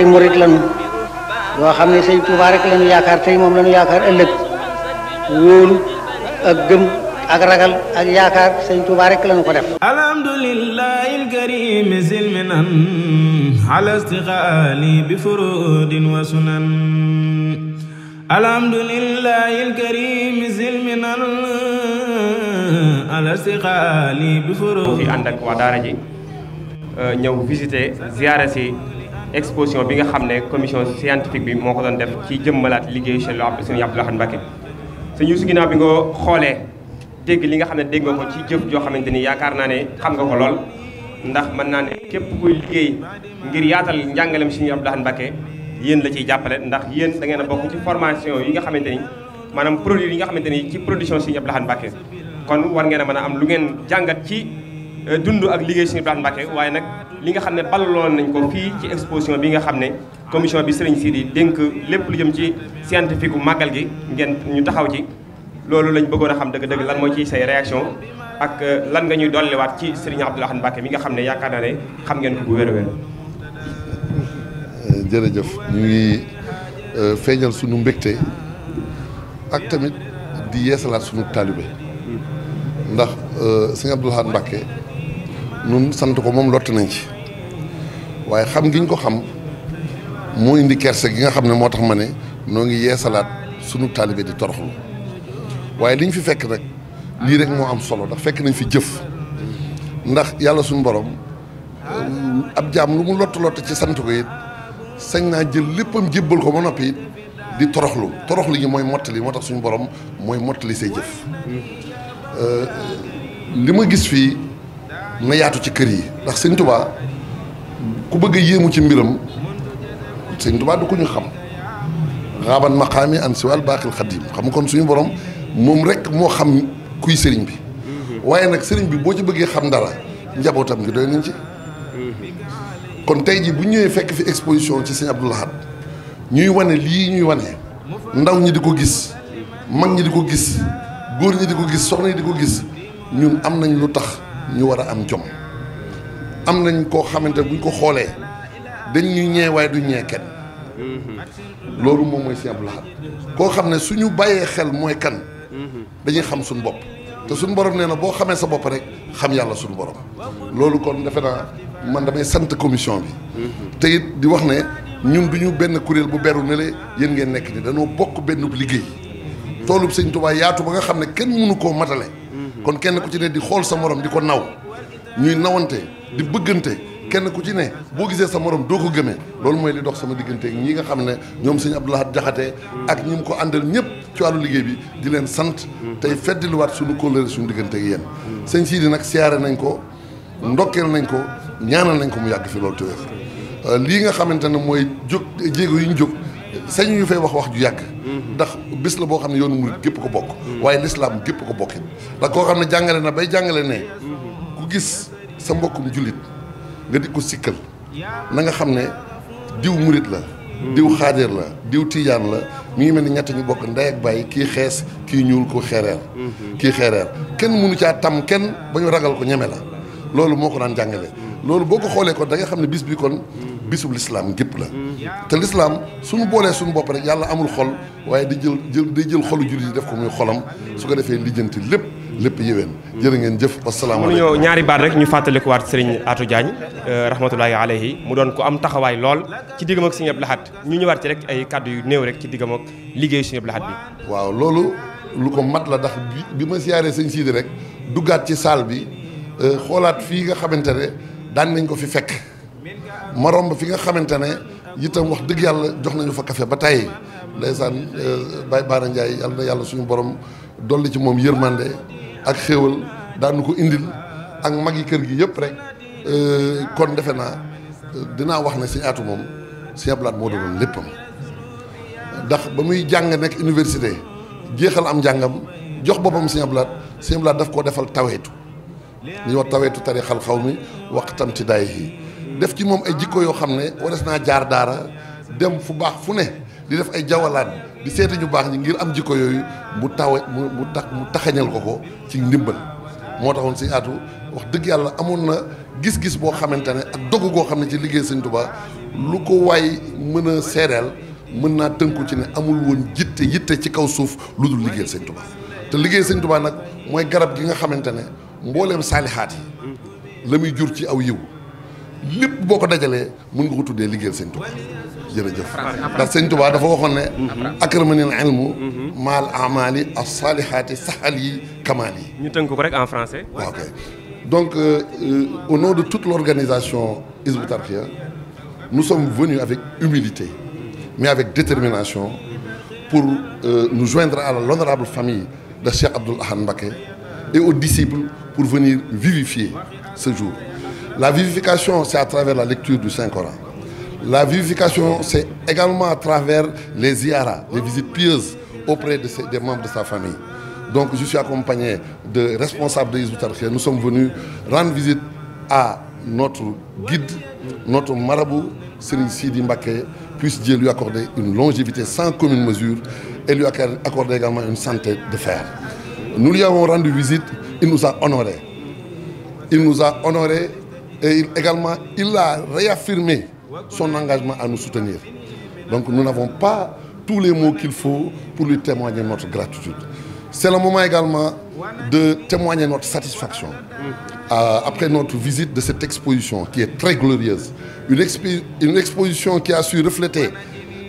ay murit lañu yoo xam ne sëñ Tuubaa rek lañu yaakaar tey moom lañu yaakaar ëllëg wóolu ak gëm ak ragal ak yaakaar sëñ Tuubaa rek lañu ko def alhamdulillahi alkarim silminan ala istiqaali bi furudin wa sunan alhamdulillahi alkarim silminan ala istiqaali bi furudin ànd ak waa daara ji ñëw visiter ziyaare si exposition bi nga xam ne commission scientifique bi moo ko doon def ci jëmmalaat liggéey seen loo seen yàpp loxo Mbacke sëñ Youssou ginnaaw bi nga xoolee dégg li nga xam ne dégg nga ko ci jëf joo xamante ni yaakaar naa ne xam nga ko lool ndax mën naa ne képp kuy liggéey ngir yaatal si sëñ Abdou Lahad Mbacké yéen la ciy jàppale ndax yéen da ngeen bokk ci formation yi nga xamante ni maanaam produit yi nga xamante ni ci production sëñ Abdou Lahad Mbacké kon war ngeen a mën a am lu ngeen jàngat ci dund ak liggéey Serigne Ibrahima Mbacké waaye nag li nga xam ne balaloon nañ ko fii ci exposition bi nga xam ne commission bi Serigne Sidi dénk lépp lu jëm ci scientifique bu màggal gi ngeen ñu taxaw ci loolu lañ bëggoon a xam dëgg-dëgg lan moo ci say réaction ak euh, lan nga ñuy ci Serigne Abdou Lahad Mbacké mi nga xam ne yaakaar naa ne xam ngeen ko bu wér a wér euh, jërëjëf ñu ngi euh, feeñal sunu mbégte ak tamit di yeesalaat sunu taalibe hmm. ndax Serigne Abdou Lahad ñun sant ko moom lott nañ ci waaye xam giñ ko xam moo indi kerse gi nga xam ne moo tax ma ne noo ngi yeesalaat sunu taalibe di toroxlu waaye liñ fi fekk nag lii rek moo am solo ndax fekk nañ fi jëf ndax yàlla suñu borom ab jaam lu mu lott lott ci sant ko it sañ naa jël léppam jébbal ko ba noppi di toroxlu toroxlu gi mooy mottali moo tax suñu borom mooy mottali say jëf euh, li ma gis fii na yaatu ci kër yi ndax sëñ tubaa ku bëgg yéemu ci mbiram sëñ tubaa du ko ñu xam xaaban maqaami an siwal baaxil xadim xam kon suñu borom moom rek moo xam kuy sëriñ bi waaye nag sëriñ bi boo ci bëggee xam dara njabootam gi doy nañ ci kon tey jii bu ñëwee fekk fi exposition ci sëñ Abdou Lahad ñuy wane lii ñuy wane ndaw ñi di ko gis mag ñi di ko gis góor ñi di ko gis soxna ñi di ko gis ñun am nañ lu tax ñu war a am jom am nañ koo xamante buñ ko xoolee dañ ñu ñee waaye du ñee kenn mhm. loolu moom mooy Sëñ Abdou koo xam ne suñu bàyyee xel mooy kan mhm. dañuy xam suñu bopp te suñu borom nee na boo xamee sa bopp rek xam yàlla suñu borom loolu kon defe naa man damay sant commission bi mhm. te it di wax ne ñun du ñu benn kuréel bu beru ne le yéen ngeen nekk ni dañoo bokk benn liggéey toolub sëñ Tuubaa yaatu ba nga xam ne kenn mënu koo matale kon kenn ku ci ne di xool sa morom di ko naw ñuy nawante di bëggante kenn ku ci ne boo gisee sa morom doo ko gëmee loolu mooy li dox sama diggante ak ñi nga xam ne ñoom sëñ Abdoulahat Jaxate ak ñi mu ko àndal ñëpp ci wàllu liggéey bi di leen sant tey feddiliwaat suñu kóllëre suñu diggante ak yéen sëñ Sidi nag siyaare nañ ko ndokkeel nañ ko ñaanal nañ ko mu yàgg fi loolu te wér euh, lii nga xamante ne mooy jóg jéego yi ñu jóg sañu yu fay wax wax ju yàgg ndax bis la boo xam ne yoonu murid gépp ko bokk waaye lislaam gépp ko bokkin ndax koo xam ne jàngale na bay jàngale ne ku gis sa mbokkum jullit nga di ko sikkal na nga xam ne diw murid la diw xaadir la diw tijaan la mu ngi mel ni ñett ñu bokk ndey ak bàyyi kii xees kii ñuul ko xereer kii xereer kenn mënu caa tam kenn ba ñu ragal ko ñeme la loolu moo ko daan jàngale loolu boo ko xoolee kon da xam ne bis bi kon bisub lislaam gépp la te lislaam suñu boolee suñu bopp rek yàlla amul xol waaye di jël jël di jël xolu jullit yi def ko muy xolam su ko defee lijjanti lépp lépp yéwén jërë ngeen jëf wasalaamaaleykum mu ñëw ñaari baat rek ñu fàttalikuwaat Serigne Atou Diagne euh, rahmatullahi alayhi mu doon ko am taxawaay lool ci diggam ak ñëpp Abdou Lahad ñu ñëwaat ci rek ay kàddu yu néew rek ci diggam liggéey liggéeyu Serigne Abdou Lahad bi waaw loolu lu ko mat la ndax bi ma siyaaree sëñ Sidi rek duggaat ci salle bi euh, xoolaat fii nga xamante ne daan nañ ko fi fekk ma romb fi nga xamante ne itam wax dëgg yàlla jox nañu fa café ba tàyyi ndeysaan euh, Baye Baara Ndiaye yàlla na yàlla suñu borom dolli ci moom yërmande ak xéewal daanu ko indil ak mag yi kër gi yëpp rek euh, kon defe naa dinaa wax ne si aatu moom si ablaat moo lépp léppam ndax ba muy jàng nekk université jeexal am njàngam jox boppam si ablaat si ablaat daf koo defal taweetu li ñuy wax taweetu tarixal xaw mi wax tam daay yi def ci moom ay jikko yoo xam ne wares naa jaar daara dem fu baax fu ne di def ay jawalaat di seeti ñu baax ñi ngir am jikko yooyu mu tawe mu mu tax mu taxañal ko ko ci ndimbal moo taxoon si aatu wax dëgg yàlla amoon na gis-gis boo xamante ne ak dogu goo xam ne ci liggéey Sëñ Tuubaa lu ko waay mën a seereel mën naa tënku ci ne amul woon jitte yitte ci kaw suuf lu dul liggéeyal Sëñ Tuubaa te liggéey Sëñ Tuubaa nag mooy garab gi nga xamante ne mbooleem saalihaat yi la muy jur ci aw yiw lépp boo ko dajalee mun nga ko tuddee liggéeyal sëñ Tuubaa jërëjëf ndax sëñ Tuubaa dafa waxoon ne akramanil ilmu maal amali as-salihaati sahal yi kamaal yi ñu tënk ko rek en français donc euh, au nom de toute l'organisation Hizbut Tarqiyyah nous sommes venus avec humilité mais avec détermination pour euh, nous joindre à l'honorable famille de Cheikh Abdoul Ahad Mbacké et aux disciples pour venir vivifier ce jour La vivification, c'est à travers la lecture du Saint-Coran. La vivification, c'est également à travers les IARA, les visites pieuses auprès de ses, des membres de sa famille. Donc je suis accompagné de responsables des autorités. Nous sommes venus rendre visite à notre guide, notre marabout, Sri Sidi Mbake, puisse Dieu lui accorder une longévité sans commune mesure et lui accorder également une santé de fer. Nous lui avons rendu visite, il nous a honorés. Il il, également, il a réaffirmé son engagement à nous soutenir. Donc nous n'avons pas tous les mots qu'il faut pour lui témoigner notre gratitude. C'est le moment également de témoigner notre satisfaction euh, après notre visite de cette exposition qui est très glorieuse. Une, expo une exposition qui a su refléter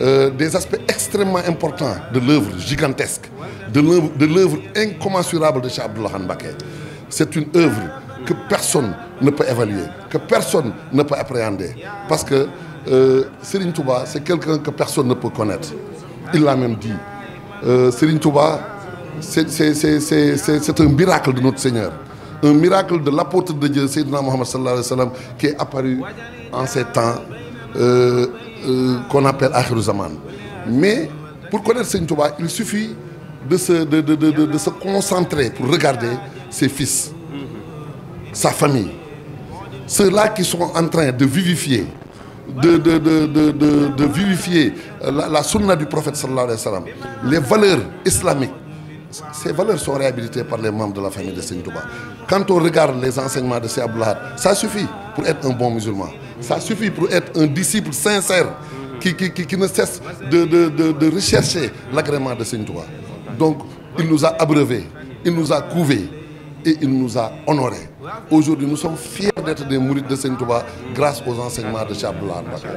euh, des aspects extrêmement importants de l'œuvre gigantesque, de l'œuvre incommensurable de Cheikh Abdullah C'est une œuvre que personne ne peut évaluer, que personne ne peut appréhender. Parce que euh, Serigne Touba, c'est quelqu'un que personne ne peut connaître. Il l'a même dit. Euh, Serigne Touba, c'est un miracle de notre Seigneur. Un miracle de l'apôtre de Dieu, Sayyidina Muhammad sallallahu alayhi wa sallam, qui est apparu en ces temps euh, euh qu'on appelle Akhir Zaman. Mais pour connaître Serigne Touba, il suffit de se, de, de, de, de se concentrer pour regarder ses fils. sa famille. Ceux-là qui sont en train de vivifier, de, de, de, de vivifier la, la, sunna du prophète sallallahu alayhi wa sallam, les valeurs islamiques, ces valeurs sont réhabilitées par les membres de la famille de Seigne Touba. Quand on regarde les enseignements de Abdullah, ça suffit pour être un bon musulman. Ça suffit pour être un disciple sincère qui, qui, ne cesse de, de, de, de rechercher l'agrément de Seigne Donc, il nous a abreuvés, il nous a couvés. et il nous a honorés. Aujourd'hui, nous sommes fiers d'être des mourides de Saint Touba grâce aux enseignements de Cheikh Abdoul Ahad Mbacké.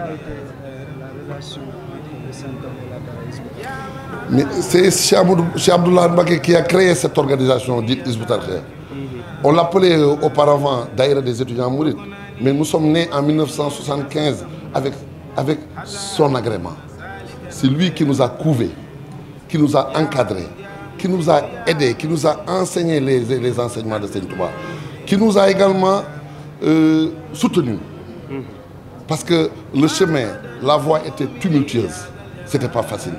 Euh, c'est Cheikh Abdoul Ahad qui a créé cette organisation dite Hizbut Tarqiyyah. Mhm. On l'appelait euh, auparavant Daïra des étudiants mourides, mais nous sommes nés en avec son agrément. C'est lui qui nous a couvés, qui nous a encadrés. qui nous a aidés, qui nous a enseigné les, les enseignements de Seigne Touba, qui nous a également euh, soutenus. Mm-hmm. Parce que le chemin, la voie était tumultueuse. C'était pas facile.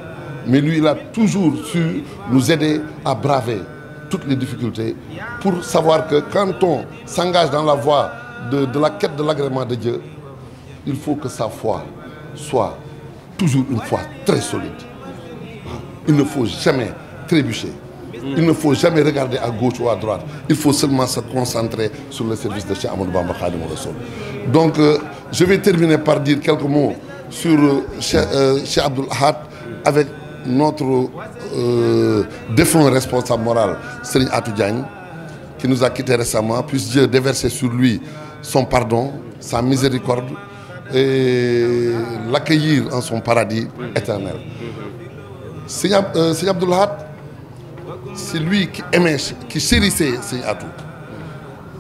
Mais lui, il a toujours su nous aider à braver toutes les difficultés pour savoir que quand on s'engage dans la voie de, de la quête de l'agrément de Dieu, il faut que sa foi soit toujours une foi très solide. Il ne faut jamais trébucher. Il ne faut jamais regarder à gauche ou à droite. Il faut seulement se concentrer sur le service de Cheikh Amadou Bamba Khadimou Rassoul. Donc, euh, je vais terminer par dire quelques mots sur euh, Cheikh, euh, Cheikh Abdoul Ahad avec notre euh, défunt responsable moral, Serigne Atou Diagne, qui nous a quittés récemment. Puisse Dieu déverser sur lui son pardon, sa miséricorde et l'accueillir en son paradis éternel. Seigneur euh, Abdoul Ahad c'est lui qui aimait, qui chérissait Seigneur Atou.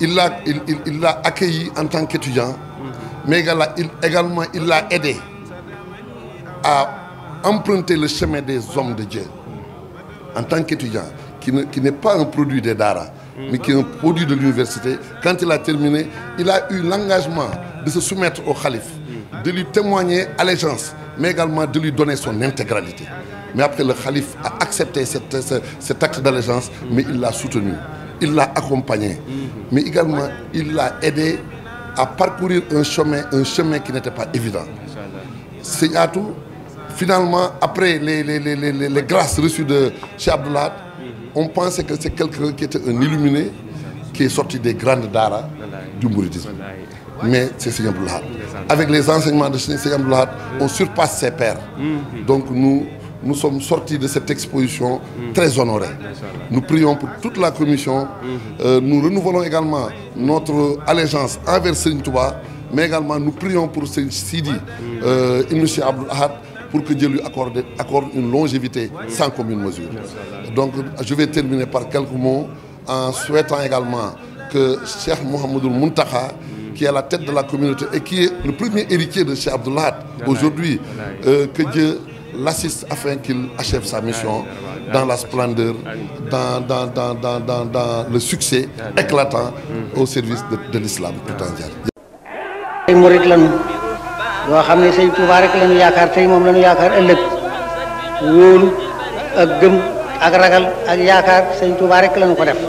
Il l'a il, accueilli en tant qu'étudiant, mais il, également il l'a aidé à emprunter le chemin des hommes de Dieu en tant qu'étudiant, qui n'est ne, pas un produit des Dara, mais qui un produit de l'université. Quand il a terminé, il a eu l'engagement de se soumettre au calife. de lui témoigner allégeance, mais également de lui donner son intégralité. Mais après, le calife a accepté cet, cet acte d'allégeance, mais il l'a soutenu, il l'a accompagné, mais également il l'a aidé à parcourir un chemin, un chemin qui n'était pas évident. C'est Finalement, après les, les, les, les, les grâces reçues de Cheikh Abdullah, on pensait que c'est quelqu'un qui était un illuminé, qui est sorti des grandes daras du mouridisme. mais c'est Seigneur Abdoulahad. Avec les enseignements de Seigneur Abdoulahad, on surpasse ses pères. Mhm. Donc nous, nous sommes sortis de cette exposition mhm. très honorés. Nous prions pour toute la commission. Mhm. Euh, nous renouvelons également notre allégeance envers Serigne Touba, mais également nous prions pour Serigne Sidi, euh, Ibn Abdoulahad, pour que Dieu lui accorde, accorde une longévité sans commune mesure. Donc je vais terminer par quelques mots en souhaitant également que Cheikh Mohamedoul Muntaka qui est à la tête de la communauté et qui est le premier héritier de Cheikh Abdoulahat aujourd'hui, euh, que Dieu l'assiste afin qu'il achève sa mission dans la splendeur, dans, dans, dans, dans, dans le succès éclatant au service de, de l'islam tout entier. ay murit lañu yoo xam ne sëñ Tuubaa rek lañu yaakaar tey moom lañu yaakaar ëllëg wóolu ak gëm ak ragal ak yaakaar sëñ Tuubaa rek lañu ko